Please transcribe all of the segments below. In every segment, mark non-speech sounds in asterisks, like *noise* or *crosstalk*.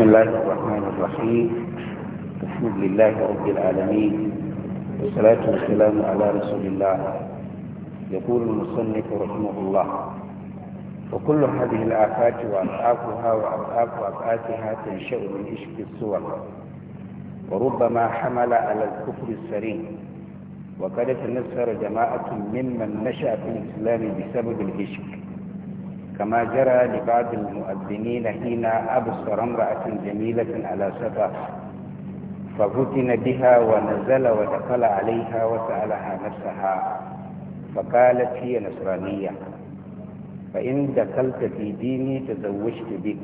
بسم الله الرحمن الرحيم الحمد لله رب العالمين والصلاة والسلام على رسول الله يقول المصنف رحمه الله وكل هذه الآفات وأضعافها وأضعاف أضعافها تنشأ من عشق الصور وربما حمل على الكفر السريع وقد تنصر جماعة ممن نشأ في الإسلام بسبب العشق كما جرى لبعض المؤذنين حين أبصر امرأة جميلة على سفر ففتن بها ونزل ودخل عليها وسألها نفسها فقالت هي نصرانية فإن دخلت في ديني تزوجت بك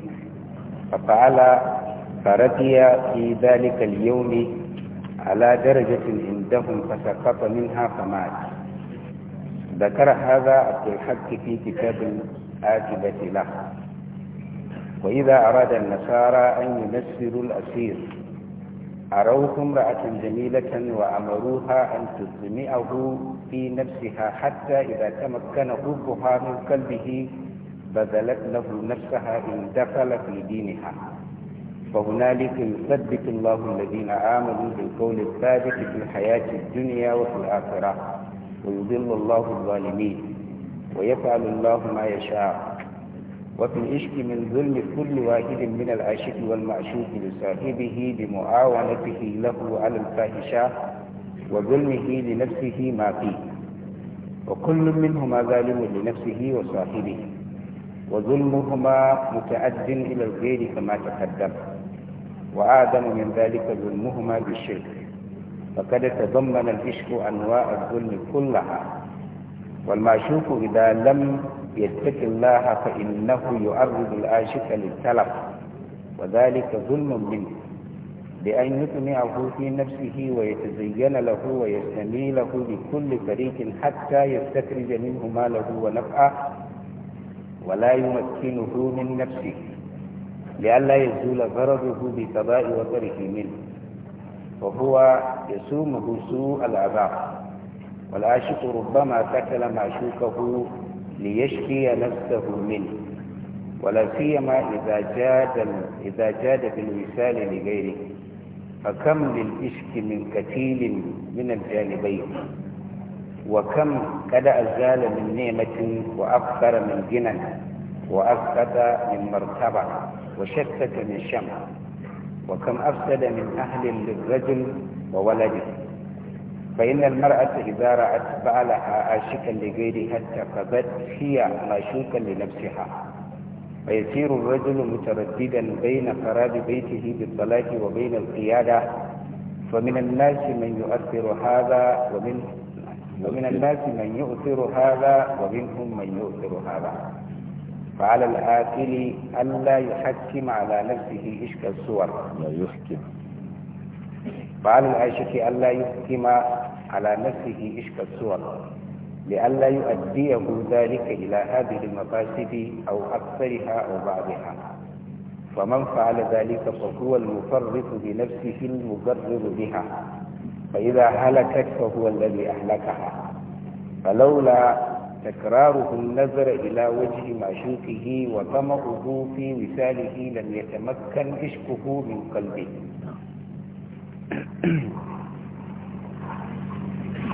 ففعل فرضي في ذلك اليوم على درجة عندهم فسقط منها فمات ذكر هذا عبد الحق في كتاب العاقبة له وإذا أراد النصارى أن ينسروا الأسير أروه امرأة جميلة وأمروها أن تطمئه في نفسها حتى إذا تمكن حبها من قلبه بذلت له نفسها إن دخل في دينها فهنالك يثبت الله الذين آمنوا بالقول الثابت في الحياة الدنيا وفي الآخرة ويضل الله الظالمين ويفعل الله ما يشاء وفي العشق من ظلم كل واحد من العاشق والمعشوق لصاحبه بمعاونته له على الفاحشة وظلمه لنفسه ما فيه وكل منهما ظالم لنفسه وصاحبه وظلمهما متعد إلى الغير كما تقدم وآدم من ذلك ظلمهما بالشرك فقد تضمن العشق أنواع الظلم كلها والمعشوق إذا لم يتق الله فإنه يعرض العاشق للتلف وذلك ظلم منه بأن يطمعه في نفسه ويتزين له ويستمي له بكل طريق حتى يستخرج منه ماله ونفعه ولا يمكنه من نفسه لئلا يزول غرضه بقضاء وطره منه وهو يسومه سوء العذاب والعاشق ربما قتل معشوقه ليشفي نفسه منه ولا سيما إذا جاد إذا جاد الوصال لغيره فكم للإشك من كتيل من الجانبين وكم قد أزال من نعمة وأكثر من جنى وأسقط من مرتبة وشتت من شمع وكم أفسد من أهل للرجل وولده فإن المرأة إذا رأت بعلها عاشقا لغيرها اتخذت هي معشوقا لنفسها فيسير الرجل مترددا بين خراب بيته بالصلاة وبين القيادة فمن الناس من يؤثر هذا ومن ومن الناس من يؤثر هذا ومنهم من يؤثر هذا فعلى الآكل ألا يحكم على نفسه إشك الصور لا يحكم فعلى العاشق ألا يحكم على نفسه إشك الصور لئلا يؤديه ذلك إلى هذه المفاسد أو أكثرها أو بعضها فمن فعل ذلك فهو المفرط بنفسه المبرر بها فإذا هلكت فهو الذي أهلكها فلولا تكراره النظر إلى وجه معشوقه وطمعه في وساله لم يتمكن عشقه من قلبه *coughs* إن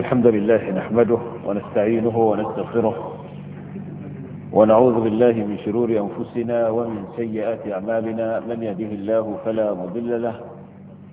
الحمد لله نحمده ونستعينه ونستغفره ونعوذ بالله من شرور أنفسنا ومن سيئات أعمالنا من يهده الله فلا مضل له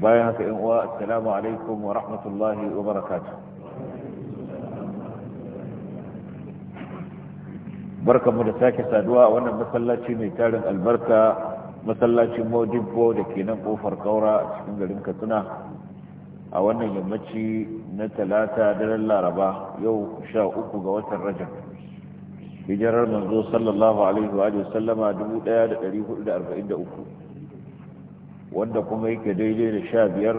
bayan haka yan uwa assalamu alaikum wa rahmatullahi wa Barka barkamu da sake saduwa a wannan masallaci mai tarin albarka masallacin modibbo da ke nan kofar kaura a cikin garin katsina a wannan yammaci na talata daren laraba yau sha uku ga watan rajab hijirar manzo sallallahu alaihi wa sallama 1443 wanda kuma yake daidai da sha biyar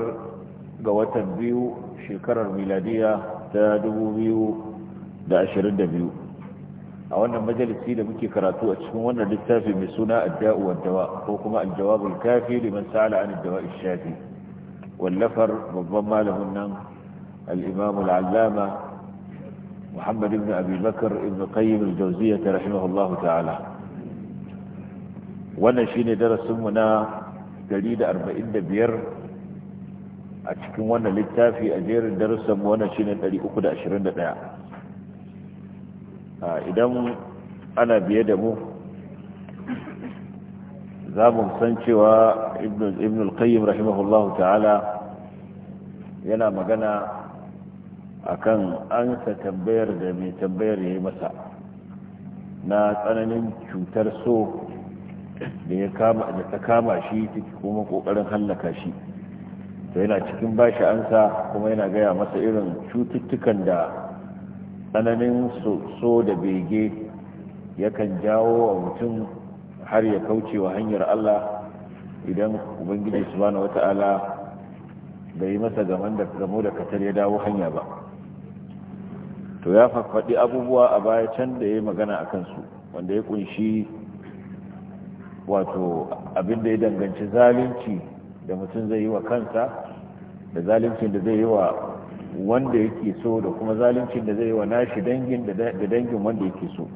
ga watan biyu shekarar miladiya ta dubu biyu da ashirin da biyu a wannan majalisi da muke karatu a cikin wannan littafi mai suna adda'u wa dawa ko kuma aljawabul kafi liman sa'ala an dawa shafi wallafar babban malamin nan al-imam al-allama محمد ibn أبي بكر بن قيم الجوزية رحمه الله تعالى 145 a cikin wannan littafi a jerin darussan wannan shine 321 idan ana biye da mu za mu san cewa ibn al-qayyim rahimahullahu ta'ala yana magana akan ansa tambayar da mai tambayar ya yi masa na tsananin cutar so da ya kama da ta kama shi take kuma kokarin hallaka shi to yana cikin bashi ansa kuma yana gaya masa irin cututtukan da tsananin so da bege yakan jawo wa mutum har ya kauce wa hanyar Allah idan ubangiji subhanahu wata'ala bai yi masa gaman da gamo da katar ya dawo hanya ba to ya faɗi abubuwa a baya can da ya magana a kansu wanda ya kunshi wato abin da ya danganci zalunci da mutum zai yi wa kansa da zaluncin da zai yi wa wanda yake so da kuma zaluncin da zai yi wa nashi dangin da dangin wanda yake so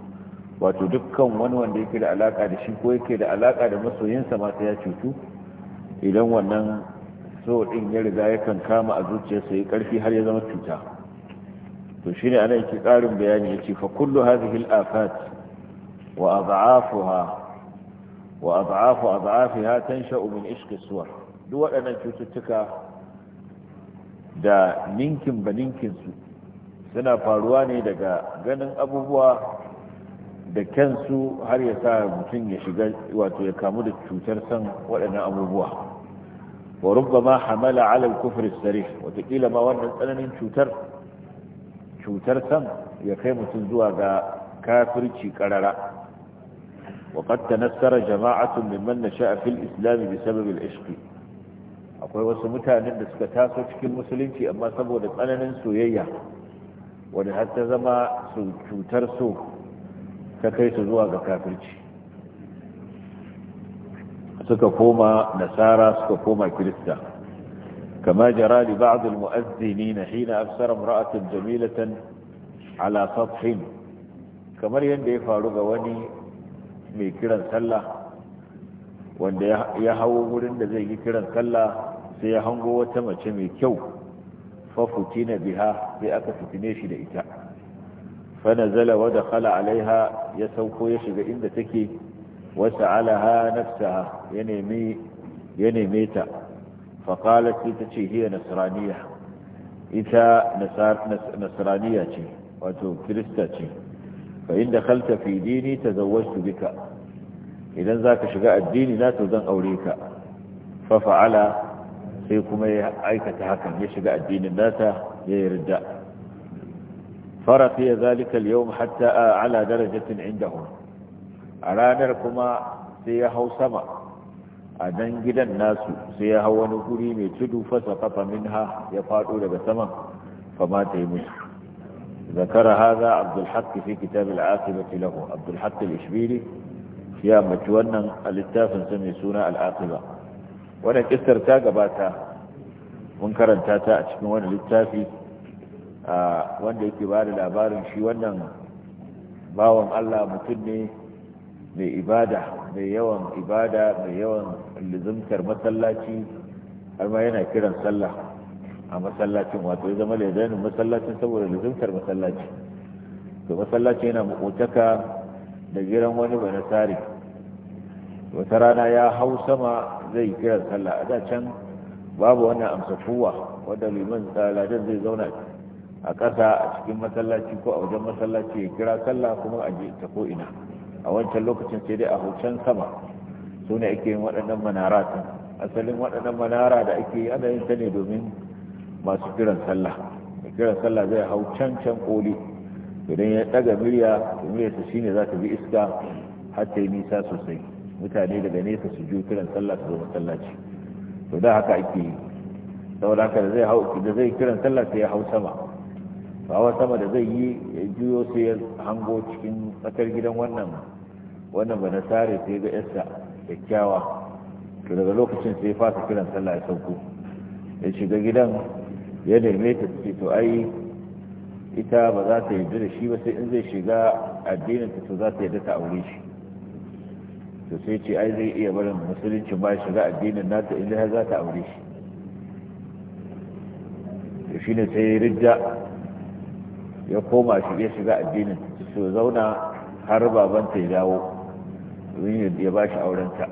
wato dukkan wani wanda yake da alaka da shi ko yake da alaka da masoyinsa mata ya cutu idan wannan so din ya riga ya kama a zuciyarsa ya karfi har ya zama cuta to shine ana yake karin bayani ya ce fa kullu hadhihi al-afat wa adha'afuha wa ad'afu ad'afiha tansha'u min iska suwar duk waɗannan cututtuka da ninkin ba ninkinsu su suna faruwa ne daga ganin abubuwa da kansu har ya sa mutum ya shiga wato ya kamu da cutar san waɗannan abubuwa wa ma hamala ala al-kufr watakila ma wannan tsananin cutar cutar san ya kai mutum zuwa ga kafirci karara وقد تنسر جماعة ممن نشأ في الإسلام بسبب iski akwai wasu mutanen da suka taso cikin musulunci amma saboda tsananin soyayya wadda har ta zama su cutar su ta kai su zuwa ga kafirci suka koma nasara suka koma kirista kama jara li ba'd al-mu'azzinin hina absara imra'atan jamilatan ala sathin kamar yadda ya faru ga wani mai kiran sallah wanda ya hawo wurin da zai yi kiran sallah sai ya hango wata mace mai kyau fafuti na biha sai aka fitine shi da ita fana zala wadda khala alaiha ya sauko ya shiga inda take wasa alaha nafsa ya neme ta faƙalar sai ta ce hiya nasraniya ita nasraniya ce wato kirista ce fa’in da halta dini ta zauwarsu duka idan zaka shiga addini na ta zan aure ka fafa’ala sai kuma ya aikata hakan ya shiga addinin nata ya yi rida fara fi ya zalikal yau hatta a ala darajatin inda hun a ranar kuma sai ya hau sama a nan gidan nasu sai ya hau wani guri mai tudu fasa fafa min ya faɗo daga saman fama ta yi musu ذكر هذا عبد الحق في كتاب العاقبة له عبد الحق الإشبيلي يا مجونا الاتاف سمي سونا العاقبة وانا كسر تاقة باتا منكرا تاتا اتشمي وانا الاتافي وانا اكبار الابار شي وانا باوام الله متني mai ibada mai yawan ibada mai yawan lizimtar masallaci har ma yana kiran sallah a masallacin wato ya zama lezanin masallacin saboda lizimtar masallaci to masallaci yana makotaka da giran wani ba nasari wata rana ya hau sama zai kira sallah a can babu wannan amsa kowa wanda liman ladan zai zauna a ƙasa a cikin masallaci ko a wajen masallaci ya kira sallah kuma a je ta ko ina a wancan lokacin sai dai a hoton sama su ne ake yin waɗannan manara asalin waɗannan manara da ake yi ana yin ta ne domin masu kiran sallah mai kiran sallah zai hau can can koli idan ya daga murya muryarsa shine za ta bi iska har ta yi nisa sosai mutane daga nesa su ju kiran sallah su zo masallaci to da haka ake yi saboda haka da zai hau da zai kiran sallah sai ya hau sama hawa sama da zai yi ya juyo sai ya hango cikin tsakar gidan wannan wannan ba na sare sai ga yarsa kyakkyawa to daga lokacin sai ya fasa kiran sallah ya sauko ya shiga gidan ya neme ta ce to ai ita ba za ta yi da shi ba sai in zai shiga addinin ta to za ta yarda ta aure shi to sai ce ai zai iya barin musulunci ba shiga addinin nata in har za ta aure shi to shi ne sai rijja ya koma shi ya shiga addinin su zauna har baban ta ya dawo domin ya ba shi aurenta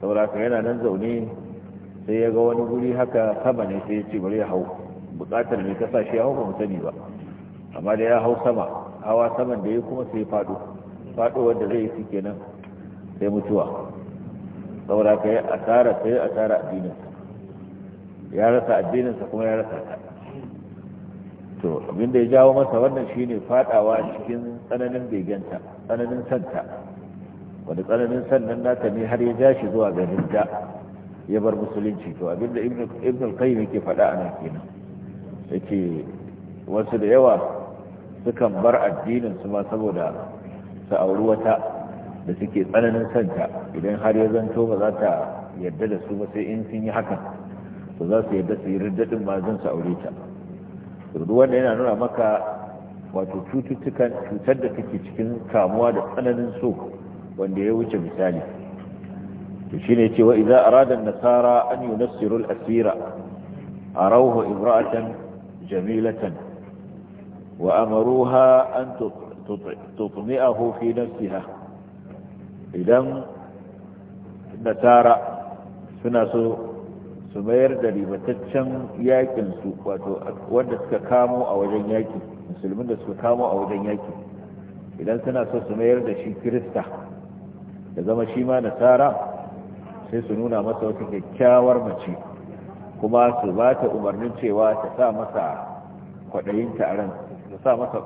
saboda yana nan zaune sai ya ga wani guri haka sama ne sai ya ce bari ya hau bukatar mai kasa shi ya hau ba mu sani ba amma da ya hau sama hawa saman da ya kuma sai ya faɗo faɗo wanda zai yi kenan sai mutuwa saboda ka yi asara sai ya asara addininsa ya rasa addininsa kuma ya rasa ta to abinda ya jawo masa wannan shine fadawa cikin tsananin begenta tsananin santa wani tsananin sannan nata ne har ya ja shi zuwa ganin da ya bar musulunci to abinda ibn al-qayyim yake fada a nan kenan yake wasu da yawa sukan bar addinin su ma saboda su auri wata da suke tsananin santa idan har ya zanto ba za ta yarda da su ba sai in sun yi hakan to za su yarda su yi riddadin ma zan su aure ta duk wanda yana nuna maka wato cututtukan cutar da take cikin kamuwa da tsananin so wanda ya wuce misali to shine cewa idza arada nasara an yunassiru al-asira arawhu imra'atan jamilatan wa amaruha an tutmi'ahu fi nafsiha idan nasara suna so su mayar da ribataccen yakin su wato wanda suka kamo a wajen yaki musulmin da suka kamo a wajen yaki idan suna so su mayar da shi kirista da zama shi ma nasara sai su nuna masa wata kyakkyawar mace kuma su ba ta umarnin cewa ta sa masa kwaɗayinta a ran ta sa masa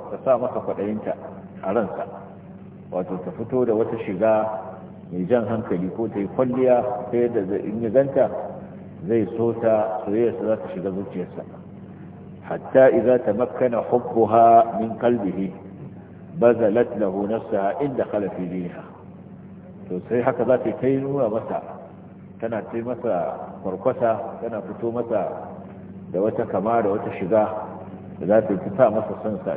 a ransa wato ta fito da wata shiga mai jan hankali ko ta yi kwalliya ta yadda in yi ganta zai so ta soyayyarsa za ta shiga zuciyarsa hatta ta tamakkana hubbuha min kalbihi bazalat lahu nafsaha inda khala fi dinha to sai haka za ta yi nuna masa tana ce masa farkwasa tana fito masa da wata kama da wata shiga da za ta fi sa masa santa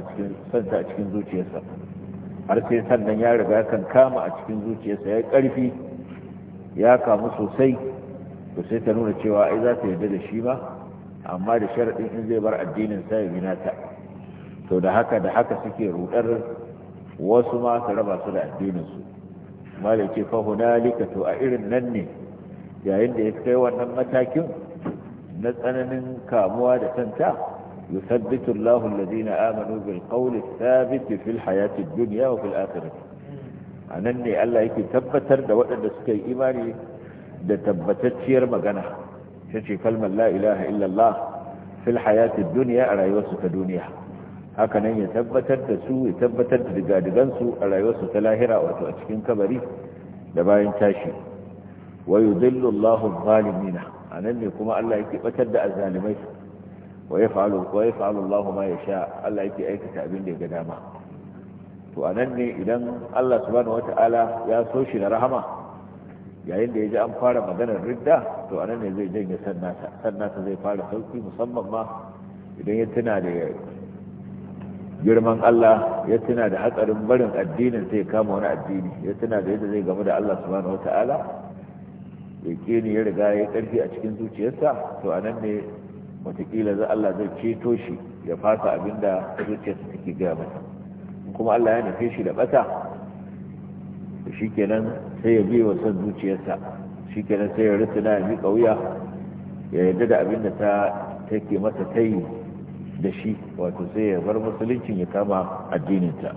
a cikin zuciyarsa har sai sannan ya riga kan kama a cikin zuciyarsa ya karfi ya kamu sosai da sai ta nuna cewa ai za ta yarda da shi ba amma da sharaɗin in zai bar addinin sa ya gina ta to da haka da haka suke rudar wasu ma su raba su da addinin su malai fa hunalika to a irin nan ne yayin da ya kai wannan matakin na tsananin kamuwa da kanta yusabbitu Allahu alladhina amanu bil qawli thabit fil hayati dunya wa fil akhirah anan ne Allah yake tabbatar da waɗanda suka yi imani da tabbatacciyar magana tace kalmar la ilaha illa Allah fil hayati dunya a rayuwarsu ta duniya haka nan ya tabbatar da su ya tabbatar da digansu a rayuwarsu ta lahira wato a cikin kabari da bayan tashi wa yudhillu Allahu adh-dhalimin anan ne kuma Allah yake batar da azzalimai wa yaf'alu wa yaf'alu Allahu ma yasha Allah yake aikata abin da ya ga dama to anan ne idan Allah ya so shi da rahama yayin da ya ji an fara maganar ridda to anan ne zai janye sannata sannata zai fara sauki musamman ma idan ya tuna da girman Allah ya tuna da hatsarin barin addinin sai kama wani addini ya tuna da yadda zai gamu da Allah subhanahu wata'ala yake ni ya riga ya ƙarfi a cikin zuciyarsa to a nan ne watakila za Allah zai ceto shi ya fasa abin da zuciyarsa take gaya masa kuma Allah ya nufe shi da ɓata shi kenan sai ya bi wa son zuciyarsa shi kenan sai ya rusuna ya miƙa ya yarda da abin da ta take masa ta yi da shi wato sai ya bar musuluncin ya kama addinin ta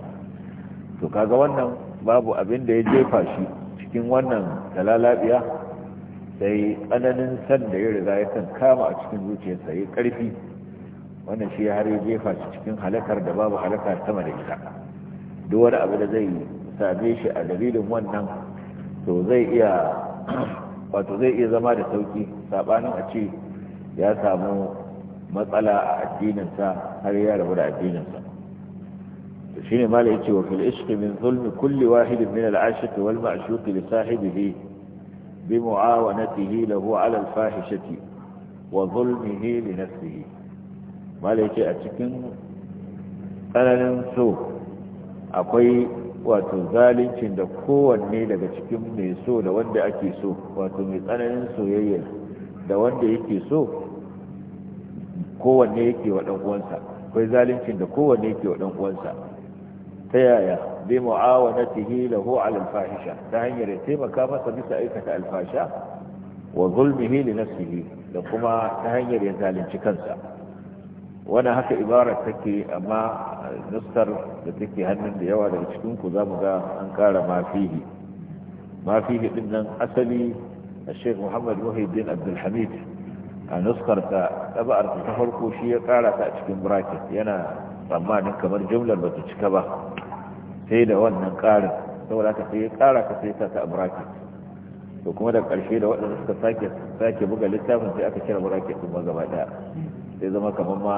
to kaga wannan babu abin da ya jefa shi cikin wannan talalabiya da yi tsananin san da ya san kama a cikin zuciyarsa ya karfi wanda shi har ya jefa shi cikin halakar da babu halakar sama da ita duk wani abu da zai same shi a dalilin wannan to zai iya *clears throat* wato zai iya zama da sauki sabanin a ce ya samu matsala a addininsa har ya rabu da addininsa ne shine malai yace wa fil ishqi min zulmi kulli wahidin min al-ashiq wal ma'shuq li sahibihi بمعاونته له على الفاحشة وظلمه لنفسه ما ليك أتكن أنا ننسو أقوي wato zalincin da kowanne daga cikin mai so da wanda ake so wato mai tsananin soyayya da wanda yake so kowanne yake wa ɗan uwansa da kowanne yake wa ɗan uwansa ta yaya bi mu'awanatihi lahu 'ala al-fahisha ta hanyar ya taimaka masa bisa aikata al-fahisha wa zulmihi li nafsihi da kuma ta hanyar ya zalunci kansa wannan haka ibarar take amma nustar da take hannun da yawa daga cikin ku zamu ga an kara mafihi mafihi din nan asali a محمد muhammad الدين abdulhamid a nuskarta ɗaba'arta ta farko shi ya ƙara ta a cikin bracket yana amma tsammanin kamar jumlar ba ta cika ba sai da wannan ƙarin saboda ka sai kara ka sai ta ta bracket to kuma da ƙarshe da waɗanda suka sake sake buga littafin sai aka kira bracket din ma gaba ɗaya sai zama kamar ma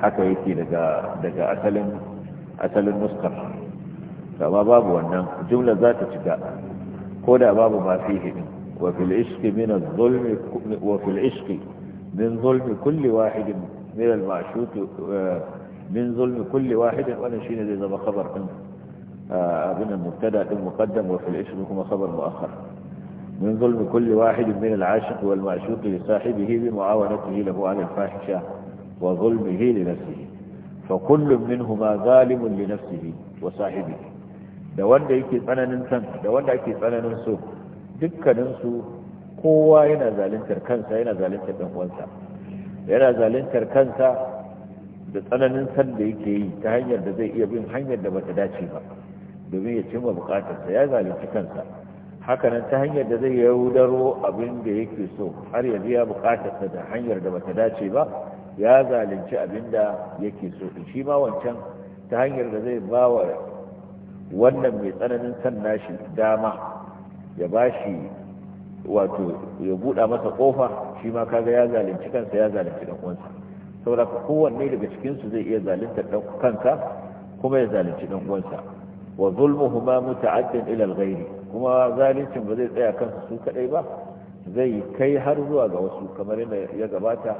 haka yake daga daga asalin asalin nuskar amma babu wannan jumlar za ta cika ko da babu ma fihi din wa fil ishqi min az-zulmi wa fil ishqi min zulmi kulli wahidin min al-ma'shuq eh, من ظلم كل واحد ونشين إذا ما خبر من آه، المبتدا المقدم وفي الاسم هما خبر مؤخر من ظلم كل واحد من العاشق والمعشوق لصاحبه بمعاونته له على الفاحشة وظلمه لنفسه فكل منهما ظالم لنفسه وصاحبه da wanda yake tsananin san da wanda yake tsananin so dukkanin su kowa yana zalintar kansa yana انتر ɗan uwansa yana zalintar kansa da tsananin san da yake yi ta hanyar da zai iya bin hanyar da bata dace ba domin ya cimma bukatarsa ya zalunci kansa hakanan ta hanyar da zai yaudaro abin da yake so har ya biya bukatarsa da hanyar da bata dace ba ya zalunci abin da yake so shi ma wancan ta hanyar da zai ba wa wannan mai tsananin san nashi dama ya ba shi wato ya buɗa masa ƙofa shi ma kaga ya zalunci kansa ya zalunci ɗan uwansa saboda kowanne daga cikinsu zai iya zalunta kanka kuma ya zalunci ɗan uwansa wa zulmuhuma muta'addin ila al kuma zaluncin ba zai tsaya kansu su kadai ba zai kai har zuwa ga wasu kamar yadda ya gabata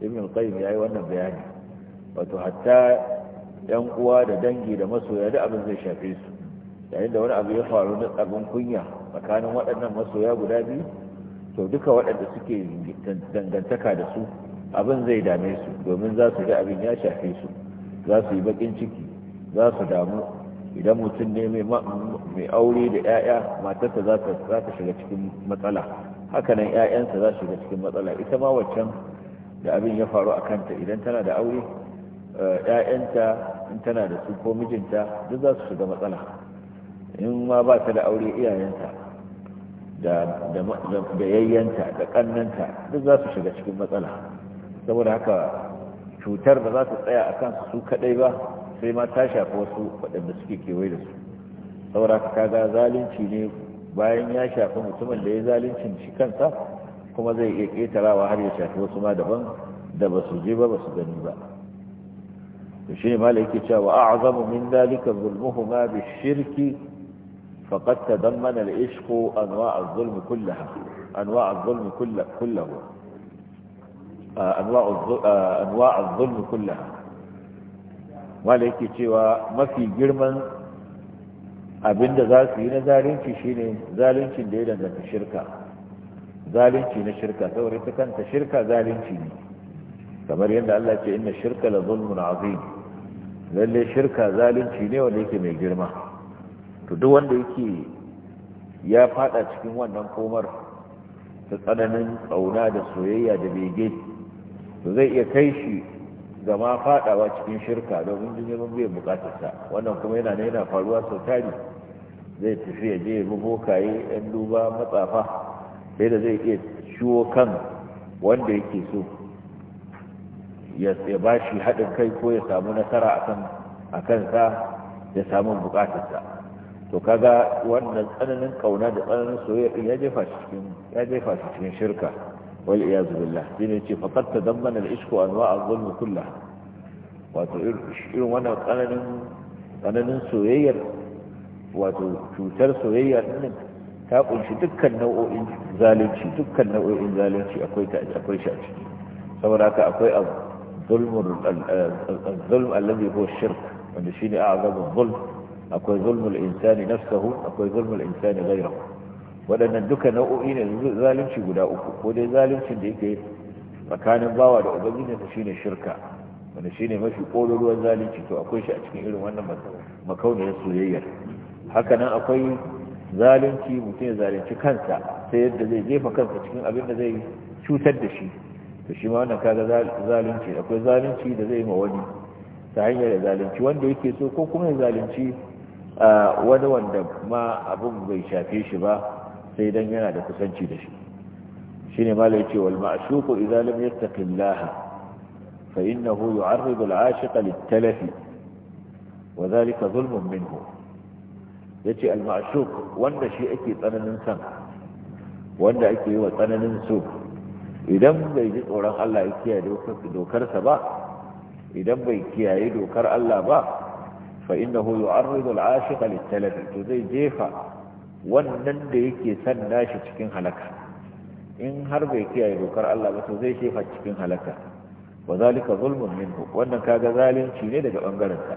ibn qayyim yayi wannan bayani wato hatta yan uwa da dangi da masoya da abin zai shafe su yayin da wani abu ya faru na tsabin kunya tsakanin waɗannan masoya guda biyu to duka waɗanda suke dangantaka da su abin zai dame su domin za su ga abin ya shafe su za su yi bakin ciki za su damu idan mutum ne mai aure da 'ya'ya matarsa za ta shiga cikin matsala hakanan 'ya'yansa za su shiga cikin matsala ita ma waccan da abin ya faru a kanta idan tana da aure 'ya'yanta eh, in tana da su ko mijinta duk za su shiga matsala in ma ba ta da aure iyayenta da yayyanta da kannanta duk za su shiga cikin matsala saboda haka cutar da za su tsaya a kansu su kadai ba sai ma ta shafi wasu waɗanda suke kewaye da su saboda haka kaga zalunci ne bayan ya shafi mutumin da ya zaluncin shi kansa kuma zai iya ƙetarawa har ya shafi wasu ma daban da ba su je ba ba su gani ba to shi ne mala yake cewa a'zamu min dalika zulmuhu ma bi shirki faqad tadammana al-ishqu anwa' az-zulm kullaha anwa' az-zulm kullahu anwa az-zulm kullaha wanda yake cewa mafi girman abinda za su yi na zalunci shine zaluncin da ya danganta shirka zalunci na shirka saboda ta kanta shirka zalunci ne kamar yadda Allah ce inna shirka la zulmun azim lalle shirka zalunci ne wanda yake mai girma to duk wanda yake ya fada cikin wannan komar ta tsananin tsauna da soyayya da bege to zai iya kai shi ga ma fadawa cikin shirka domin jin mun bai bukatarsa wannan kuma yana ne yana faruwa sau tari zai tafi ya je yabi bokaye yan duba matsafa sai da zai iya ciwo kan wanda yake so ya ba shi haɗin kai ko ya samu nasara a kansa ya samu bukatarsa to kaga wannan tsananin kauna da tsananin soyayya ya ya jefa shi cikin shirka والعياذ بالله دين فقد تدمن العشق انواع الظلم كلها واتقل اشئل وانا وانا ننسو غير واتقل سوغير انك تاقل شي تكا النوء انزالي شي تكا النوء انزالي شي اكوي تأج اكوي شاك سمراك الظلم الظلم الذي هو الشرك وانشيني اعظم الظلم اكوي ظلم الانسان نفسه اكوي ظلم الانسان غيره waɗannan duka nau'o'i ne zalunci guda uku ko dai zaluncin da yake tsakanin bawa da shi shine shirka wanda shine mafi ƙololuwar zalunci to akwai shi a cikin irin wannan makauniyar soyayya haka nan akwai zalunci mutum ya zalunci kansa ta yadda zai jefa kansa cikin abin da zai cutar da shi to shi ma wannan kaga zalunci akwai zalunci da zai ma wani ta hanyar zalunci wanda yake so ko kuma ya zalunci ah, wani wanda ma abin bai shafe shi ba sai dan yana da kusanci da shi shine mala yace wal ma'shuqu idza lam yattaqillaha fa innahu yu'arridu al-'ashiqa lit-talaf wa dhalika zulmun minhu yace al ma'shuq wanda shi ake tsananin san wanda ake yi wa tsananin so idan bai ji tsoron Allah ya kiyaye dokar sa ba idan bai kiyaye dokar Allah ba fa innahu yu'arridu al-'ashiqa lit-talaf to zai jefa wannan da yake son nashi cikin halaka in har bai kiyaye dokar Allah ba to zai shefa cikin halaka wa zalika zulmun minhu wannan kaga zalunci ne daga bangaren sa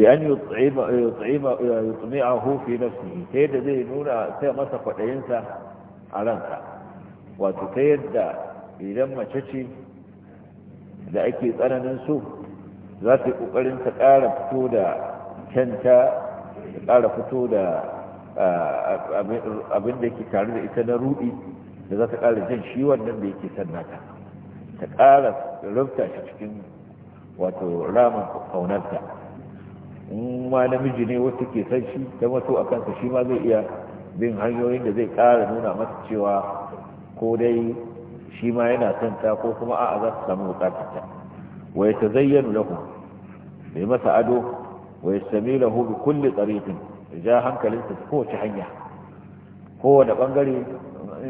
bi an yut'ima yut'ima yutmi'ahu fi nafsihi sai da zai nuna sai masa kwadayin sa a ransa wato ta yadda idan mace ce da ake tsananin so za ta yi kokarin ta ƙara fito da kyanta kara ƙara fito da abin da yake tare da ita na rudi da za ta ƙara jin shi wannan da yake san nata ta ƙara rufta shi cikin wato ramin kaunarta in ma namiji ne wasu ke san shi ta maso a kansa shi ma zai iya bin hanyoyin da zai ƙara nuna masa cewa ko dai shi ma yana son ta ko kuma a'a za su samu bukatarta wai ya ta zayyana lahu bai masa ado Wai yastamilahu bi kulli tariqin ja hankalin ta kowace hanya kowane bangare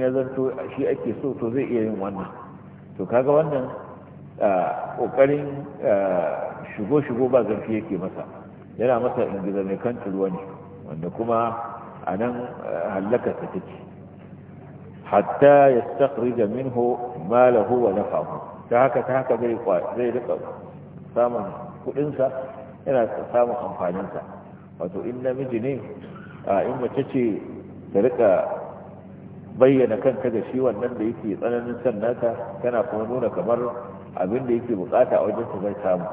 ya zanto shi ake so to zai iya yin wannan to kaga wannan kokarin shigo-shigo ba zarfi yake masa yana masa ingiza mai kan ruwa ne wanda kuma a nan hallakarsa take hatta ya stakrija minhu malahu wa nafahu ta haka ta haka zai rika samun kudinsa yana samun amfaninsa wato in namiji ne a in mace ce ta rika bayyana kanka da shi wannan da yake tsananin son nata tana kuma nuna kamar abin da yake bukata a wajen su zai samu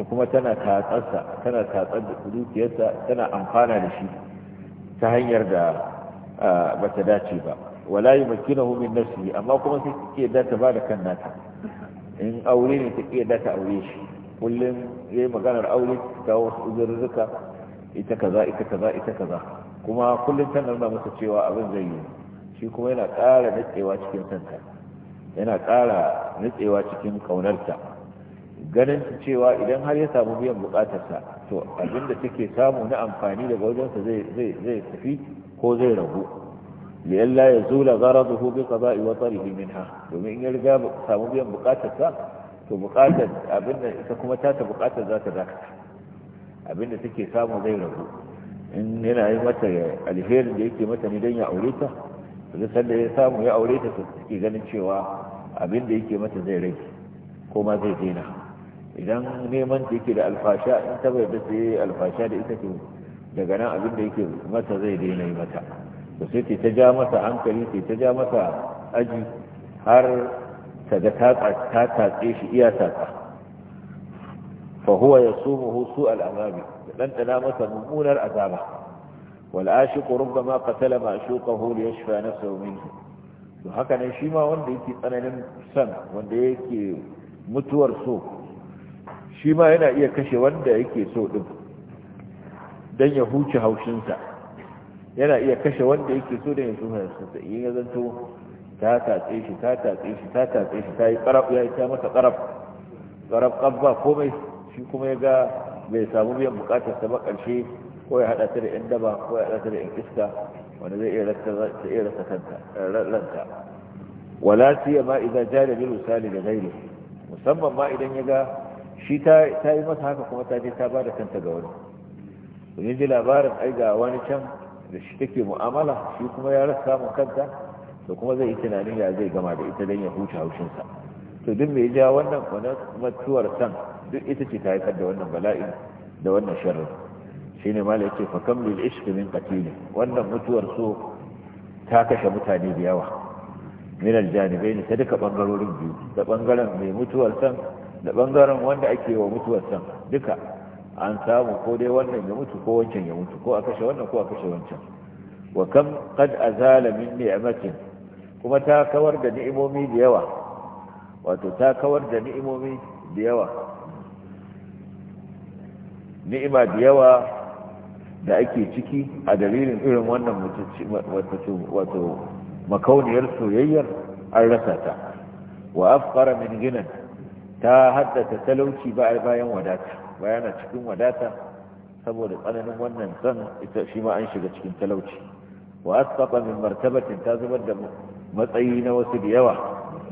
ta kuma tana tatsarsa tana tatsar da dukiyarsa tana amfana da shi ta hanyar da ba ta dace ba wala yumakkinahu min nafsihi amma kuma sai take da ta ba da kan nata in aure ne take da ta aure shi kullum ya yi maganar aure ta wasu uzurruka ita kaza ita kaza ita kaza kuma kullum ta nuna masa cewa abin zai yi shi kuma yana ƙara nutsewa cikin santa yana ƙara nutsewa cikin ƙaunarta ganin cewa idan har ya samu biyan buƙatarsa to abin da take samu na amfani daga wajensa zai tafi ko zai ragu li'alla ya zula zuhu bi qada'i wa tarihi minha domin in ya riga samu biyan buƙatarsa to bukatar abinda ita kuma tata bukatar za ta dakata abinda take samu zai rabu in yana yi mata alherin da yake mata ne don ya aure ta da sanda ya samu ya aure ta take ganin cewa abinda yake mata zai rage ko ma zai daina idan neman ta yake da alfasha in ta bai da sai alfasha da ita ke daga nan abinda yake mata zai daina yi mata to sai ta ja masa hankali sai ta ja masa aji har ta ga ta tatse shi iya tatsa fa huwa yasumuhu su'al azabi dan tana masa mummunar azaba wal ashiqu rubbama qatala ma ashuqahu li yashfa nafsuhu minhu to haka nan shi ma wanda yake tsananin san wanda yake mutuwar so shi ma yana iya kashe wanda yake so din dan ya huce haushinsa yana iya kashe wanda yake so dan ya so haushinsa in ya zanto ta tatse shi ta tatse shi ta tatse shi ta yi ƙarab ya yi ta mata ƙarab ƙarab ƙab ba komai shi kuma ya ga bai samu biyan buƙatar ta ba ƙarshe ko ya haɗa ta da yan daba ko ya haɗa ta da yan iska wanda zai iya rasa kanta ranta wala siya ma idan jari bil misali da gairi musamman ma idan ya ga shi ta yi masa haka kuma ta je ta ba da kanta ga wani kun ji labarin ai ga wani can da shi take mu'amala shi kuma ya rasa samun kanta to kuma zai yi tunanin ya zai gama da ita don ya huce haushinsa to duk mai ja wannan wani matuwar san duk ita ce ta haifar da wannan bala'in da wannan sharrin shi ne mala yake fa kam lil ishq min qatil wannan mutuwar so ta kashe mutane da yawa min al janibain ta duka bangarorin biyu da bangaren mai mutuwar san da bangaren wanda ake wa mutuwar san duka an samu ko dai wannan ya mutu ko wancan ya mutu ko a kashe wannan ko a kashe wancan wa kam qad azala min ni'matin kuma ta kawar da ni'imomi da yawa wato ta kawar da ni'imomi da yawa ni'ima da yawa da ake ciki a dalilin irin wannan wato makauniyar soyayyar an rasa ta wa afkara min ginin ta haddata talauci bayan wadata bayana cikin wadata saboda tsananin wannan san ita shi ma an shiga cikin talauci wa asqata min martabatin ta zubar da matsayi na wasu da yawa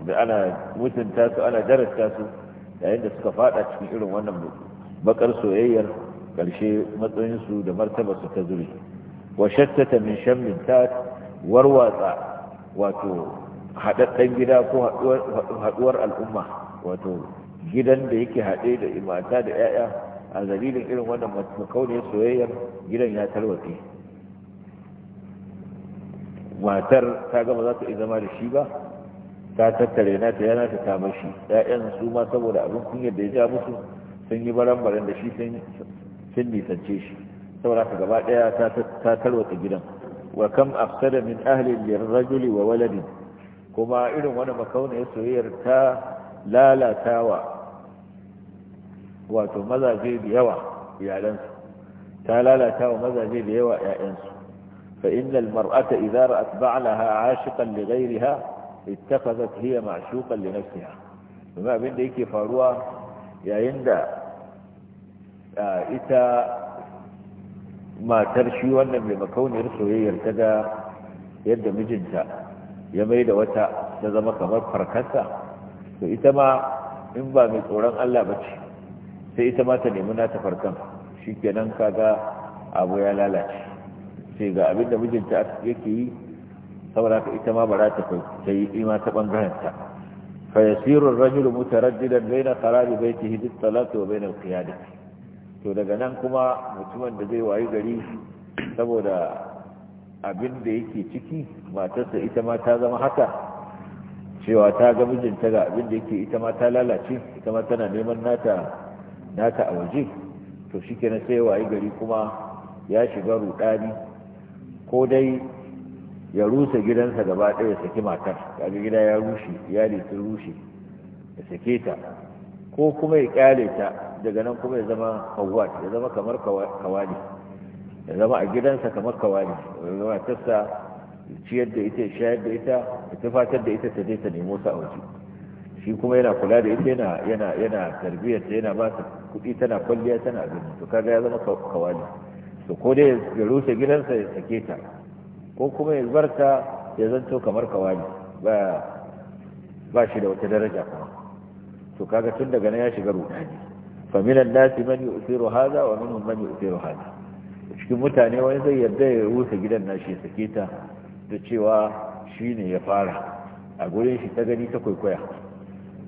da ana mutunta su ana darasta su yayin da suka fada cikin irin wannan bakar soyayyar karshe matsayinsu da martabarsu ta zuri wa shattata min ta warwatsa wato haɗaɗɗen gida ko haɗuwar al'umma wato gidan da yake haɗe da imata da 'ya'ya a dalilin irin wannan makauniyar soyayyar gidan ya tarwatse matar ta gama za ta iya zama da shi ba ta tattare na ta yana ta kama shi ‘ya'yan su ma saboda abin kunyar da ya ja musu sun yi baran-baran da shi sun nisance shi saboda ka gaba ɗaya ta tarwata gidan wa kam afsada min ahlin lirrajuli wa waladi kuma irin wani makauniyar soyayyar ta lalatawa wato mazaje da yawa iyalansu ta lalatawa mazaje da yawa ‘ya'yansu فإن المرأة إذا رأت بعلها عاشقا لغيرها اتخذت هي معشوقا لنفسها بما بين ديك فاروا يا عند إتا ما ترشي وانا من بمكون رسوية يرتدى يد مجنسا يميد وتا تزم كمر فركتا فإتا ما إنبا من قرآن ألا بچ sai ita ma ta nemi na ta farkan shi sai ga abin da mijinta yake yi saboda haka ita ma ba za ta ta yi ima ta bangaren ta fa yasiru ar-rajulu mutaraddidan baina qarabi baytihi bis salati wa bai al-qiyada to daga nan kuma mutumin da zai wayi gari saboda abin da yake ciki matarsa ita ma ta zama haka cewa ta ga mijinta ga abin da yake ita ma ta lalace ita ma tana neman nata nata a waje to shikenan sai wayi gari kuma ya shiga rudani ko dai ya rusa gidansa gaba ɗaya ya saki matar kaga gida ya rushe iyali sun rushe ya sake ta ko kuma ya kyale ta daga nan kuma ya zama kawwat ya zama kamar kawali ya zama a gidansa kamar kawali ya zama tassa ciyar da ita shayar da ita ya tufatar da ita ta dai ta nemo sa a shi kuma yana kula da ita yana tarbiyyarta yana tarbiyyar ta ba ta kuɗi tana kwalliya tana abin to kaga ya zama kawali to ko dai ya rushe gidansa ya sake ta ko kuma ya barta ya zanto kamar ka ba ba shi da wata daraja kuma to kaga tun daga nan ya shiga rudani faminan nasi man yu'thiru hadha wa minhum man yu'thiru hadha cikin mutane wani zai yarda ya rusa gidan nashi ya sake ta da cewa shine ya fara a gurin shi ta gani ta kwaikwaya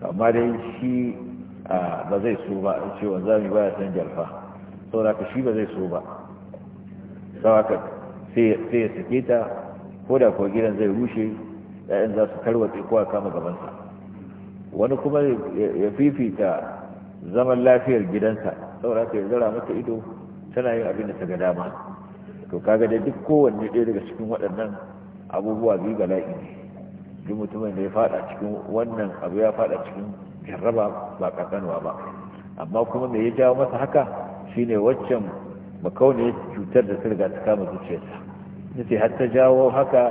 amma dai shi ba zai so ba cewa zami baya san jalfa saboda shi ba zai so ba sawaka sai ya sake ta ko da kuwa gidan zai rushe ‘ya'yan za su tarwatse kowa kama gabansa wani kuma ya fifita zaman lafiyar gidansa saboda ya zara mata ido tana yin abin da ta ga dama to kaga da duk kowanne ɗaya daga cikin waɗannan abubuwa biyu ga ne duk mutumin da ya fada cikin wannan abu ya faɗa cikin jarraba ba ƙanƙanuwa ba amma kuma me ya jawo masa haka shine waccan makauniyar cutar da sirga ta kama zuciyarsa nace har ta jawo haka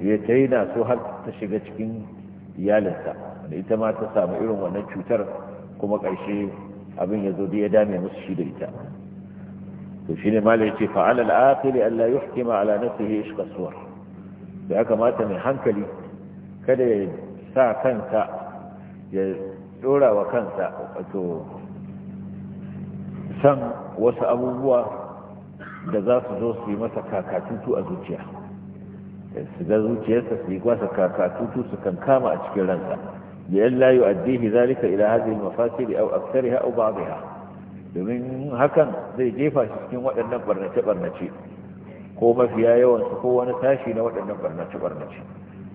ya ta yi na so har ta shiga cikin iyalinsa da ita ma ta samu irin wannan cutar kuma ƙarshe abin ya zo da ya dame musu shi da ita to shi ne malai ce fa'ala al'akili Allah ya hukima ala nafsihi ishqa suwar da ya kamata mai hankali kada ya sa kansa ya dora wa kansa wato san wasu abubuwa da za su zo su yi masa kakatutu a zuciya su ga zuciyarsa su yi kwasa kakatutu su kan kama a cikin ransa yan layu addini, zalika ila hadhihi al-mafasid aw akthariha aw ba'daha domin hakan zai jefa shi cikin waɗannan barnace barnace ko mafiya yawan su ko wani tashi na waɗannan barnace barnace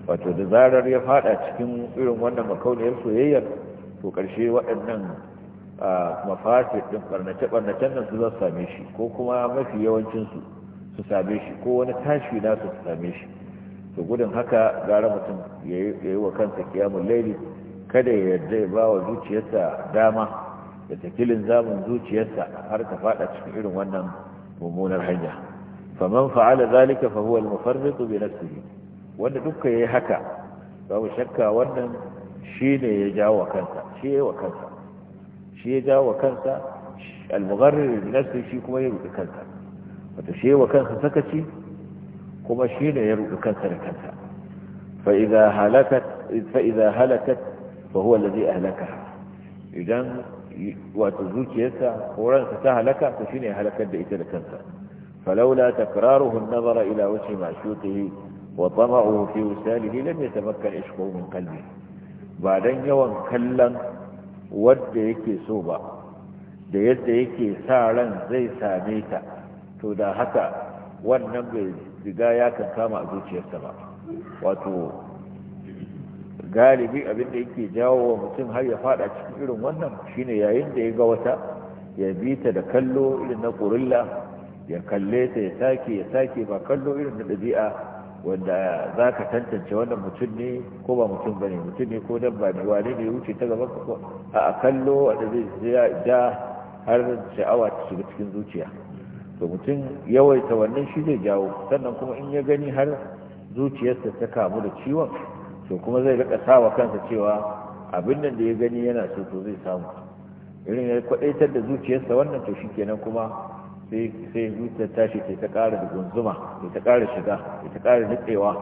wato da zarar ya fada cikin irin wannan makauniyar soyayyar to ƙarshe waɗannan mafafi din barnace-barnacen nan su zan same shi ko kuma mafi yawancinsu su same shi ko wani tashi na su same shi to gudun haka gara mutum ya yi wa kansa kiyamun laili kada ya yarda ya ba wa zuciyarsa dama da takilin zamun zuciyarsa har ta fada cikin irin wannan mummunar hanya faman fa'ala zalika fa huwa al-mufarritu bi nafsihi wanda dukka yayi haka babu shakka wannan shine ya jawo kansa shi yayi wa kansa shi ya ja wa kansa nafsi shi kuma ya rubi kansa wato shi wa kansa sakaci kuma shi ne ya rubi kansa da kansa fa idza halakat fa idza halakat fa huwa alladhi ahlakaha idan wato zuciyarsa ko ransa ta halaka to shine ya halakar da ita da kansa فلولا تكراره النظر إلى وجه معشوقه وطمعه في وساله لم يتمكن عشقه من Ba dan yawan kallan. wadda yake so ba da yadda yake sa ran zai same ta to da haka wannan bai riga ya kan kama a zuciyarsa ba wato galibi abin da yake jawo wa mutum har ya fada cikin irin wannan shine yayin da ya ga wata ya bi ta da kallo irin na ƙurilla ya kalle ta ya sake ya sake ba kallo irin na ɗabi'a wanda za ka tantance wannan mutum ne ko ba mutum ba ne mutum ne ko dabba ne wane ne wuce ta gaban ko a kallo wanda zai ja har sha'awa ta shiga cikin zuciya to mutum yawaita wannan shi zai jawo sannan kuma in ya gani har zuciyarsa ta kamu da ciwon to kuma zai rika sawa kansa cewa abin nan da ya gani yana so to zai samu irin ya kwadaitar da zuciyarsa wannan to shikenan kuma sai zuciya tashi ke ta ƙara da gunzuma ke ta ƙara shiga ke ta ƙara nutsewa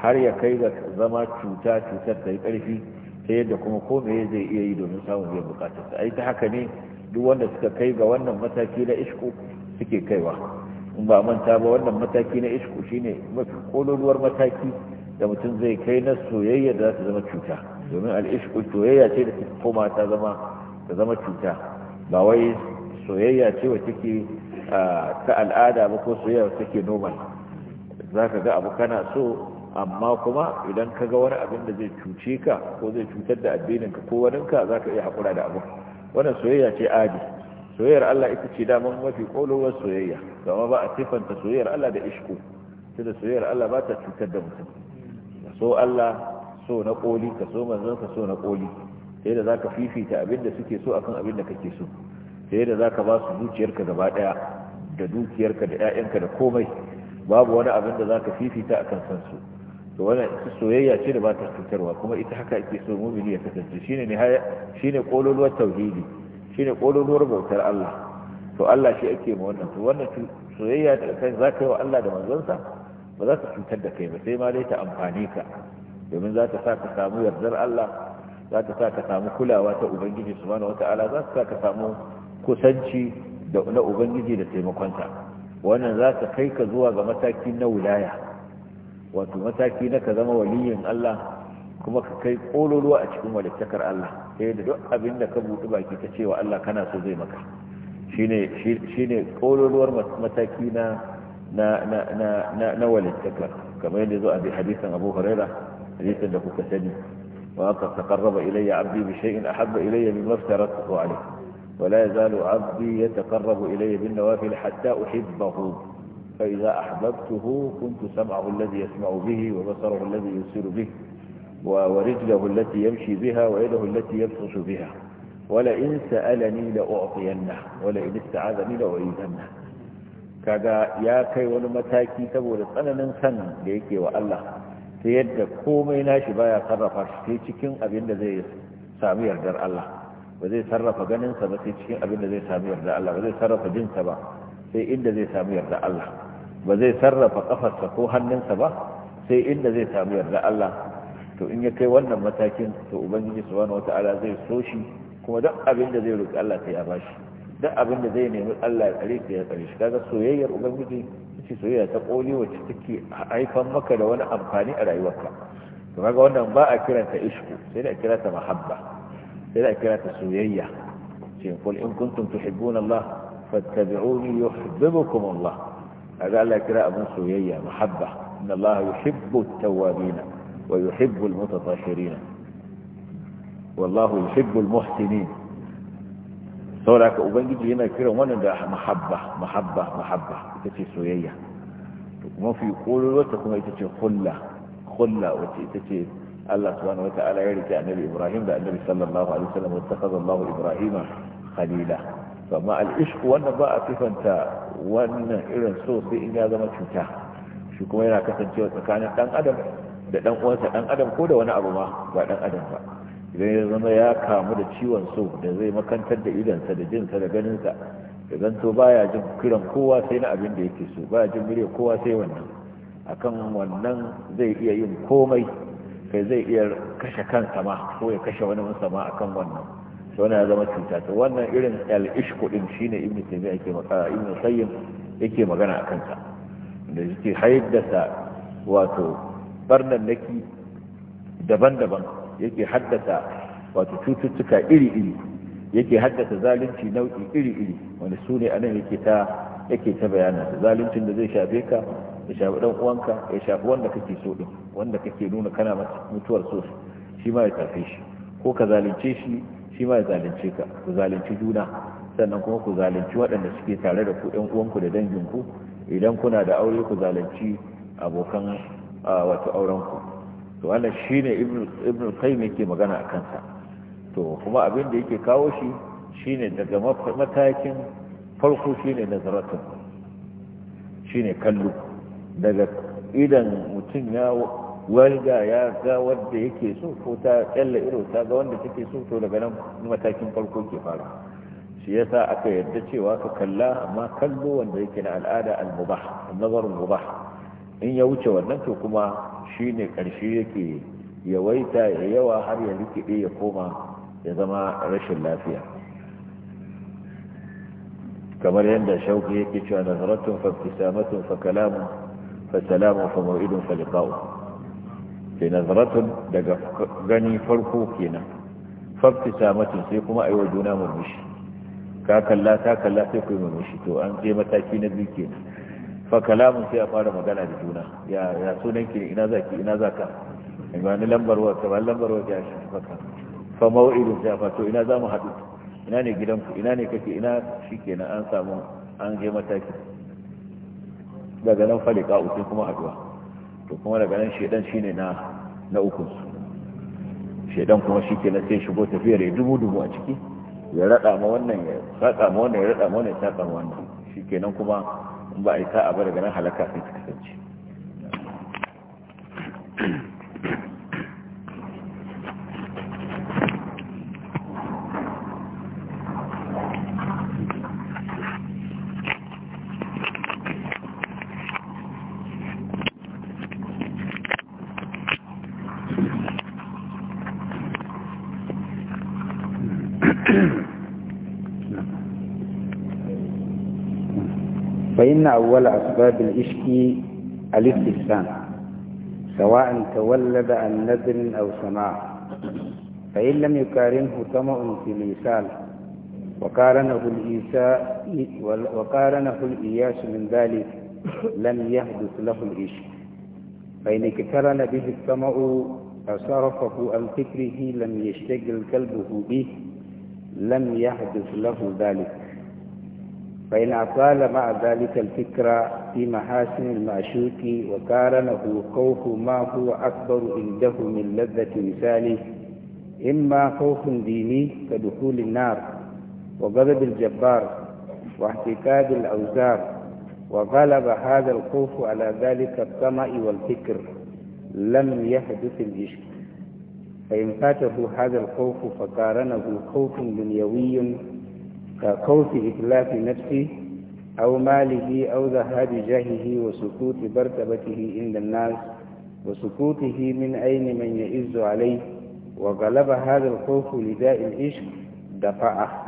har ya kai ga zama cuta cutar ta yi ƙarfi ta yadda kuma ko ya zai iya yi domin samun biyan bukatar ta ai ta haka ne duk wanda suka kai ga wannan mataki na ishku suke kaiwa in ba manta ba wannan mataki na ishku shine mafi kololuwar mataki da mutum zai kai na soyayya da za ta zama cuta domin al'ishku soyayya ce da ta koma ta zama cuta ba wai soyayya ce wa take ta al'ada ba ko soyayya take normal za ka ga abu kana so amma kuma idan ka ga wani abin da zai cuce ka ko zai cutar da addininka ko waninka za ka iya haƙura da abu wannan soyayya ce adi soyayyar Allah ita ce daman mafi ƙolowar soyayya gama ba a siffanta soyayyar Allah da ishku ta da soyayyar Allah ba ta cutar da mutum so Allah so na koli ka so manzon ka so na ƙoli sai da za ka fifita abin da suke so akan abin da kake so da za ka ba su zuciyarka gaba daya da dukiyarka da 'ya'yanka da komai babu wani abin da za ka fifita a kan sansu to wannan soyayya ce da ba ta cutarwa kuma ita haka ake so mumini ya kasance shine ne shine kololuwar tauhidi shine kololuwar bautar Allah to Allah shi ake ma wannan to wannan soyayya da kai za ka yi wa Allah da manzonsa ba za ta cutar da kai ba sai ma dai ta amfane ka domin za ta sa ka samu yardar Allah za ta sa ka samu kulawa ta Ubangiji subhanahu wataala za ta sa ka samu kusanci na ubangiji da taimakonsa wannan za ka kai ka zuwa ga mataki na wilaya wato mataki na ka zama waliyin Allah kuma ka kai ƙololuwa a cikin walittakar Allah sai da duk abin da ka buɗi baki ta cewa Allah kana so zai maka shine ne ƙololuwar mataki na na na na na walittakar kamar yadda zo a hadisan abu huraira hadisan da kuka sani wa aka taƙarraba ilayya abdi bi shay'in ahabba ilayya mimma aftaratuhu alayhi ولا يزال عبدي يتقرب إلي بالنوافل حتى أحبه فإذا أحببته كنت سمعه الذي يسمع به وبصره الذي يبصر به ورجله التي يمشي بها ويده التي يبطش بها ولئن سألني لأعطينه ولئن استعاذني لأعيذنه kaga ya kai wani mataki saboda tsananin san da yake wa Allah ta yadda komai nashi baya sarrafa shi cikin abin da zai yardar Allah ba zai sarrafa ganinsa ba sai cikin abin da zai samu yarda Allah ba zai sarrafa jinsa ba sai inda zai samu yarda Allah ba zai sarrafa kafarsa ko hannunsa ba sai inda zai samu yarda Allah to in ya kai wannan matakin to ubangiji subhanahu wata'ala zai so shi kuma duk abin da zai roki Allah sai ya bashi duk abin da zai nemi Allah ya tsare shi ya tsare shi kaga soyayyar ubangiji ce soyayya ta koli wacce take haifan maka da wani amfani a rayuwarka to kaga wannan ba a kiranta ishku sai da a kiranta mahabba تذكرة سويية يقول إن كنتم تحبون الله فاتبعوني يحببكم الله هذا على كراءة سويية محبة إن الله يحب التوابين ويحب المتطهرين والله يحب المحسنين سوراك أبنجي هنا كراءة من عند محبة محبة محبة إتتي سويية وما في قولوا لتكم إتتي خلة خلة وإتتي Allah subhanahu wata'ala ya rike annabi Ibrahim da annabi sallallahu alaihi wasallam wattakhadha Allahu Ibrahim khalila amma al-ishq wannan ba a sifanta wannan irin so sai in ya zama cuta shi kuma yana kasancewa tsakanin dan adam da dan uwansa dan adam ko da wani abu ma ba dan adam ba idan ya zama ya kamu da ciwon so da zai makantar da idansa da jinsa da ganinsa da zanto baya jin kiran kowa sai na abin da yake so baya jin murya kowa sai wannan akan wannan zai iya yin komai kai zai iya kashe kansa ma ko ya kashe wani musa ma akan wannan to wannan ya zama cuta ta wannan irin al-ishku shi ne ibnu taymiya yake magana ibnu qayyim yake magana akan sa da ke haddasa wato barnan naki daban-daban yake haddasa wato cututtuka iri-iri yake haddasa zalunci nau'i iri-iri wani su ne anan yake ta yake ta bayanin zaluncin da zai shafe ka ya shafi dan uwanka ya shafi wanda kake so din wanda kake nuna kana mutuwar so shi ma ya tafi shi ko ka zalunce shi shi ma ya zalunce ka ku zalunci juna sannan kuma ku zalunci waɗanda suke tare da ku ɗan uwanku da danginku idan kuna da aure ku zalunci abokan wato aurenku to wannan shine ibn qayyim yake magana a kansa to kuma abin da yake kawo shi shine daga matakin farko shine nazaratun shine kallo daga idan mutum ya walga ya ga wadda yake so ko ta kyalla ido ta ga wanda take so to daga nan matakin farko ke fara shi yasa aka yarda cewa ka kalla amma kallo wanda yake na al'ada al-mubah guba mubah in ya wuce wannan to kuma shine karshe yake yawaita ya yawa har ya rikide ya koma ya zama rashin lafiya kamar yadda shauki yake cewa nazaratun fa ibtisamatun fa kalamun فسلام فموعد فلقاؤه في نظرة دقى غني فرقوكينا فابتسامة سيكما أيوة جنا مرمش كاكلا تاكلا سيكما مرمش تو أنت متاكين بيكينا فكلام سيأفار مغانا بجنا يا يا سننك إنا ذاك إنا ذاك إيمان لمبر وكما لمبر وكاش فموعد سيأفار تو إنا ذا محدود ina ne gidanku ina ne kake ina shi kenan an samu an je mataki daga nan falika uku kuma addu'a to kuma daga nan shedan shine na na uku shedan kuma shi na sai shigo tafiyar ya dubu dubu a ciki ya rada ma wannan ya saka ma wannan ya rada ma wannan ya saka ma wannan shi kuma in ba a yi sa'a ba daga nan halaka sai ta kasance فإن أول أسباب الإشك الاستحسان سواء تولد عن نذر أو سماع فإن لم يكارنه طمأ في الإيسال وقارنه الإيساء وقارنه الإياس من ذلك لم يحدث له الإشك فإن اقترن به الطمأ فصرفه عن فكره لم يشتغل قلبه به لم يحدث له ذلك فإن أطال مع ذلك الفكرة في محاسن المعشوق وقارنه خوف ما هو أكبر عنده من لذة وصاله إما خوف ديني كدخول النار وغضب الجبار واحتكاد الأوزار وغلب هذا الخوف على ذلك الطمع والفكر لم يحدث الإشك فإن فاته هذا الخوف فقارنه خوف دنيوي كقوس إتلاف نفسه أو ماله أو ذهاب جاهه وسكوت برتبته عند الناس وسكوته من أين من يئز عليه وغلب هذا الخوف لداء العشق دفعه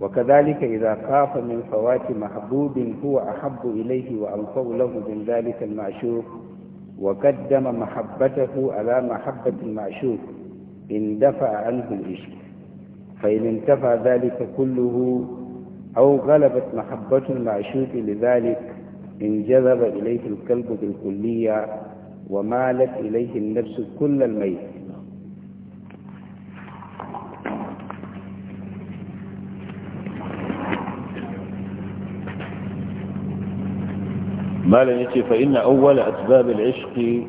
وكذلك إذا خاف من فوات محبوب هو أحب إليه وأنفع له من ذلك المعشوق وقدم محبته على محبة المعشوق اندفع عنه العشق فإن انتفى ذلك كله أو غلبت محبة المعشوق لذلك انجذب إليه الكلب بالكلية ومالت إليه النفس كل الميت مالا يتي فإن أول أسباب العشق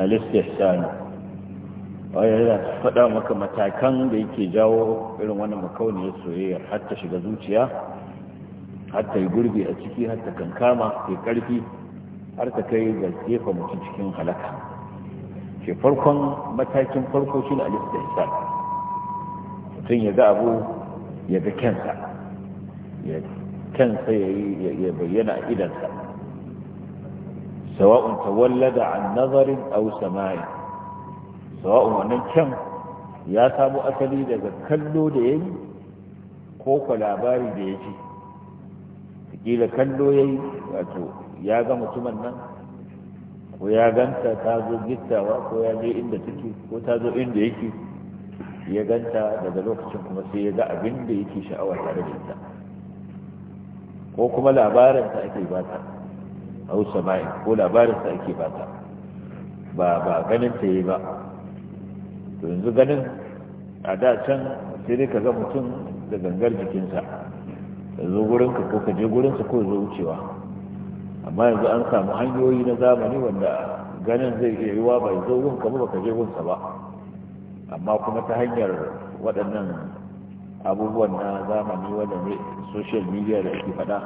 الاستحسان yana faɗa maka matakan da yake jawo irin wani makauniyar soyayya har ta shiga zuciya har ta yi gurbi a ciki har ta kankama ke ƙarfi har ta kai ga jefa mutum cikin halaka ke farkon matakin farko shi na alista isa mutum ya ga abu ya ga kensa ya kyansa ya bayyana a idansa sawa'un tawallada an nazarin au sama'in sawa'un wannan kyan ya samo asali daga kallo da ya yi ko kwa labari da ya ce kila kallo ya yi wato ya ga mutumin nan ko ya ganta ta zo gittawa ko ya je inda take ko ta zo inda yake ya ganta daga lokacin kuma sai ya ga abin da yake sha'awa tare da ita ko kuma labarin ta ake bata hausa mai ko labarin ta ake bata ba ba ganin ta yi ba to yanzu ganin a da can sai dai ka ga mutum da gangar jikinsa da zo ka ko ka je sa ko zo wucewa amma yanzu an samu hanyoyi na zamani wanda ganin zai iya yiwa bai zo ka ba ka je gunsa ba amma kuma ta hanyar waɗannan abubuwan na zamani wanda ne social media da ake faɗa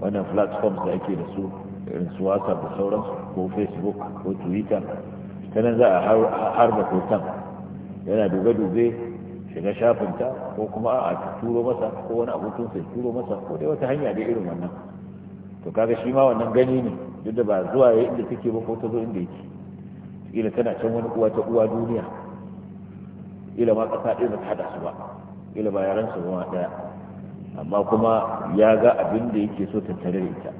wannan platforms da ake da su irin su whatsapp da sauransu ko facebook ko twitter ta za a harba hoton yana dube-dube shiga shafinta ko kuma a turo masa ko wani abokin sai turo masa ko dai wata hanya dai irin wannan to kaga shi ma wannan gani ne duk da ba zuwa ya inda take ba ko ta zo inda yake ila tana can wani uwa ta uwa duniya ila ma kasa ɗaya ba ta haɗa su ba ila ba yaran su ma ɗaya amma kuma ya ga abin da yake so tattare da ita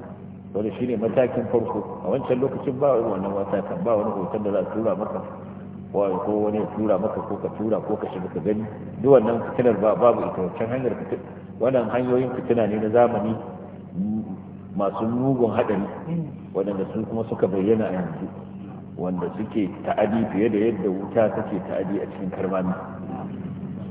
wani shi ne matakin farko a wancan lokacin ba wani wannan matakan ba wani hoton da za a tura maka wani ko wani ya tura maka ko ka tura ko ka shiga ka gani duk wannan fitinar ba babu ita wancan hanyar fitin wannan hanyoyin fitina ne na zamani mm, masu mugun haɗari waɗanda sun kuma suka bayyana a yanzu wanda suke ta'adi fiye da yadda wuta take ta'adi a cikin karmami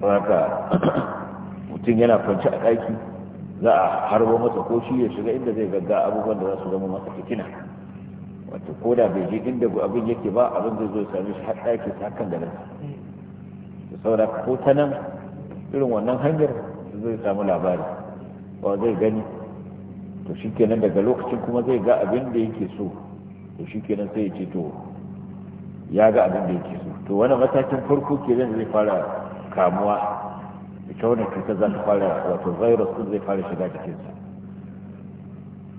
haka *coughs* mutum yana kwanci a ɗaki za a harbo masa ko shi ya shiga inda zai gagga abubuwan da za su zama masa fitina wato ko da bai je inda abin yake ba abin zai zo ya same shi har ɗaki ta kan da da saboda ko ta nan irin wannan hanyar zai samu labari ba zai gani to shi kenan daga lokacin kuma zai ga abin da yake so to shi kenan sai ya ce to ya ga abin da yake so to wani matakin farko ke zai fara kamuwa ita wannan cutar za ta fara wato virus din zai fara shiga jikinsa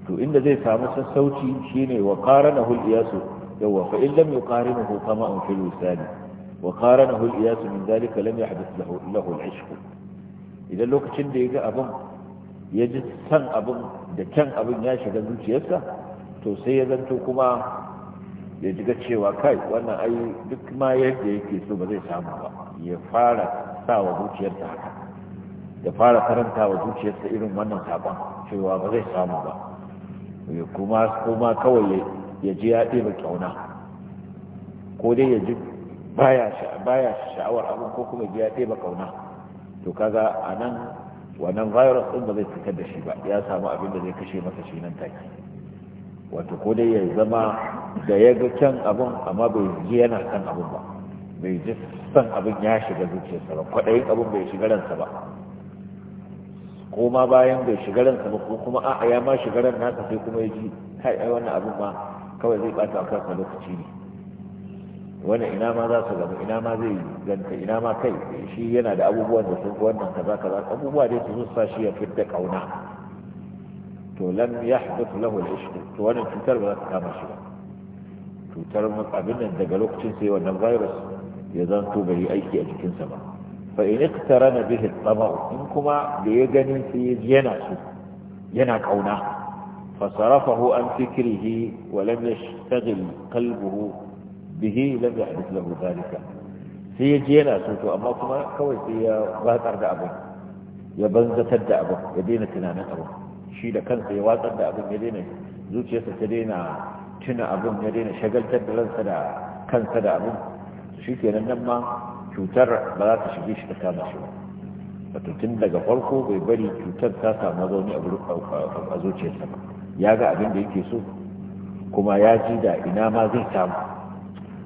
to inda zai samu sassauci shine wa qaranahu al-iyasu yawa fa in lam yuqarinahu kama an fil wisali wa qaranahu al-iyasu min zalika lam yahdith lahu lahu al-ishq idan lokacin da ya ga abin ya ji san abun da kyan abin ya shiga zuciyarsa to sai ya zanto kuma ya jiga cewa kai wannan ai duk ma yadda yake so ba zai samu ba ya fara sa wa zuciyarsa haka ya fara karanta wa zuciyarsa irin wannan sakon cewa ba zai samu ba kuma kuma kawai ya ji ya ɗeba ƙyauna ko dai ya ji baya sha'awar abin ko kuma ji ya ɗeba ƙauna to kaga a nan wannan virus ɗin ba zai fitar da shi ba ya samu abin da zai kashe masa shi nan take wato ko dai ya zama da ya ga can abin amma bai ji yana kan abin ba bai ji son abin ya shiga zuciyarsa ba kwaɗayin abin bai shiga ransa ba ko ma bayan bai shiga ransa ba ko kuma a'a ya ma shiga ran nasa sai kuma ya ji kai ai wannan abin ma kawai zai ɓata a kansa lokaci ne wannan ina ma za su gamu ina ma zai ganta ina ma kai shi yana da abubuwan da sun wannan kaza kaza abubuwa dai su sa shi ya fitta kauna to lam yahdith lahu al-ishq to wannan cutar ba za ta kama shi ba cutar abin nan daga lokacin sai wannan virus ya zanto bai yi aiki a jikinsa ba fa in iktara na bihi tsamar in kuma da ya ganin sai yana su yana kauna fa sarafahu an fikrihi wa lam yashtagil qalbuhu bihi lam yahdith lahu dhalika sai ya je yana so to amma kuma kawai sai ya watsar da abin ya banzatar da abin ya daina tunanin abin shi da kansa ya watsar da abin ya daina zuciyarsa ta daina tuna abin ya daina shagaltar da ransa da kansa da abin shi kenan nan ma cutar ba za ta shige shi ta kama shi ba wato tun daga farko bai bari cutar ta samu zaune a zuciyarsa ba ya ga abin da yake so kuma ya ji da ina ma zai samu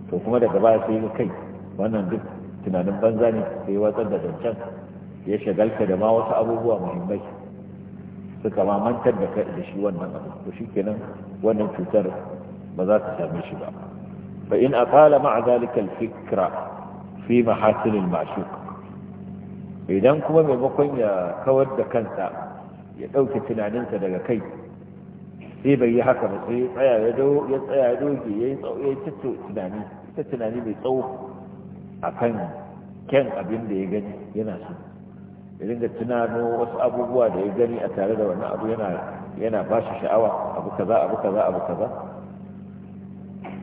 to kuma daga baya sai ga kai wannan duk tunanin banza ne sai watsar da zancen ya shagalta da ma wasu abubuwa muhimmai suka mamantar da shi wannan abu to kenan wannan cutar ba za ta same shi ba فإن أطال مع ذلك الفكرة في محاسن المعشوق إذن كما ممكن يكود كنسا يدوك تنانينسا daga kai sai bai yi haka ba sai ya dau tsaya doge ya yi tsawo tunani mai tsawo a kan kyan abin da ya gani yana so ya dinga tunanin wasu abubuwa da ya gani a tare da wani abu yana yana ba shi sha'awa abu kaza abu kaza abu kaza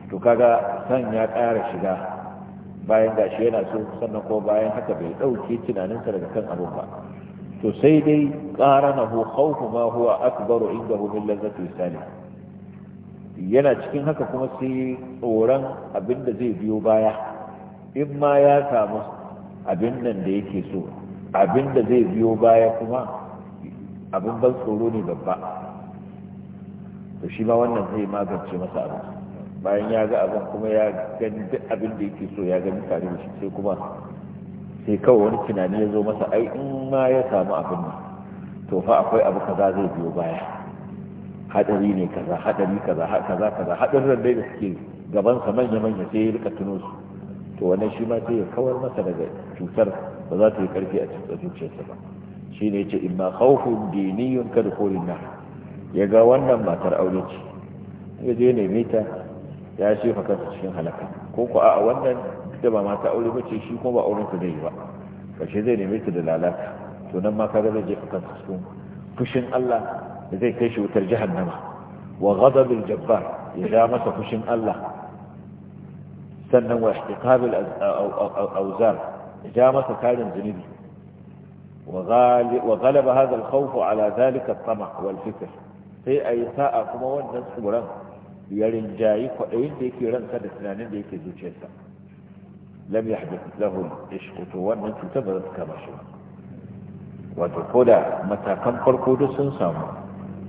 to kaga san ya ƙara shiga bayan gashi yana so sannan ko bayan haka bai ɗauke tunaninsa daga kan abun ba to sai dai hu khawfu ma huwa baro indahu min lazzati salih yana cikin haka kuma sai tsoron abin da zai biyo baya in ma ya samu abin nan da yake so abin da zai biyo baya kuma abin ban tsoro ne babba to shi ma wannan zai magance masa abin. bayan ya ga abin kuma ya gani duk abin da yake so ya gani tare da shi sai kuma sai kawai wani tunani ya zo masa ai in ma ya samu abin nan to fa akwai abu kaza zai biyo baya hadari ne kaza hadari kaza kaza kaza hadarin da suke gaban sa manya manya sai ya rika tuno su to wannan shi ma sai ya kawar masa daga cutar ba za ta yi karfi a cikin zuciyarsa ba ce in ma khawfun diniyun korin nar ya ga wannan matar aure ce ya je ne mita ya shefa kansa cikin halaka ko ku a wannan da ba mata aure ba ce shi kuma ba auren ku zai ba kashe zai neme ta da lalata to nan ma kaga zai jefa kansa cikin fushin Allah da zai kai shi wutar jahannama wa ghadabil jabbar ya ja masa fushin Allah sannan wa ihtiqabil awzar ya ja masa karin zunubi wa galaba hadha al-khawf ala dhalika at-tama' wal fikr sai ayi sa'a kuma wannan tsoron. ya rinjayi kwaɗayin da yake ransa da tunanin da yake zuciyarsa lam ya lahu lahun ishkutu wannan cutar ba za su kama shi ba wato koda matakan farko duk sun samu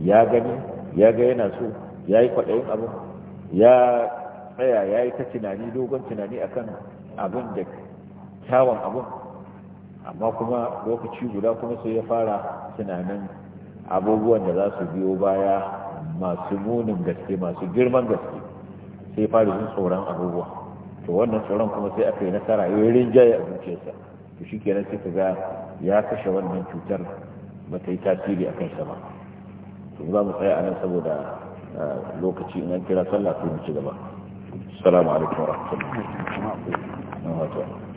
ya gani ya ga yana so ya yi kwaɗayin abin ya tsaya ya yi ta tunani dogon tunani akan abin da kyawun abin amma kuma lokaci guda kuma sai ya fara tunanin abubuwan da za su biyo baya masu munin gaske masu girman gaske sai fara sun tsoron abubuwa to wannan tsoron kuma sai aka yi nasara ya yi rinjaye a zuciyarsa to shi kenan sai ka ga ya kashe wannan cutar ba ta yi tasiri a kansa ba to za mu tsaya a nan saboda lokaci in an kira sallah sai mu ci gaba assalamu alaikum wa barakatuh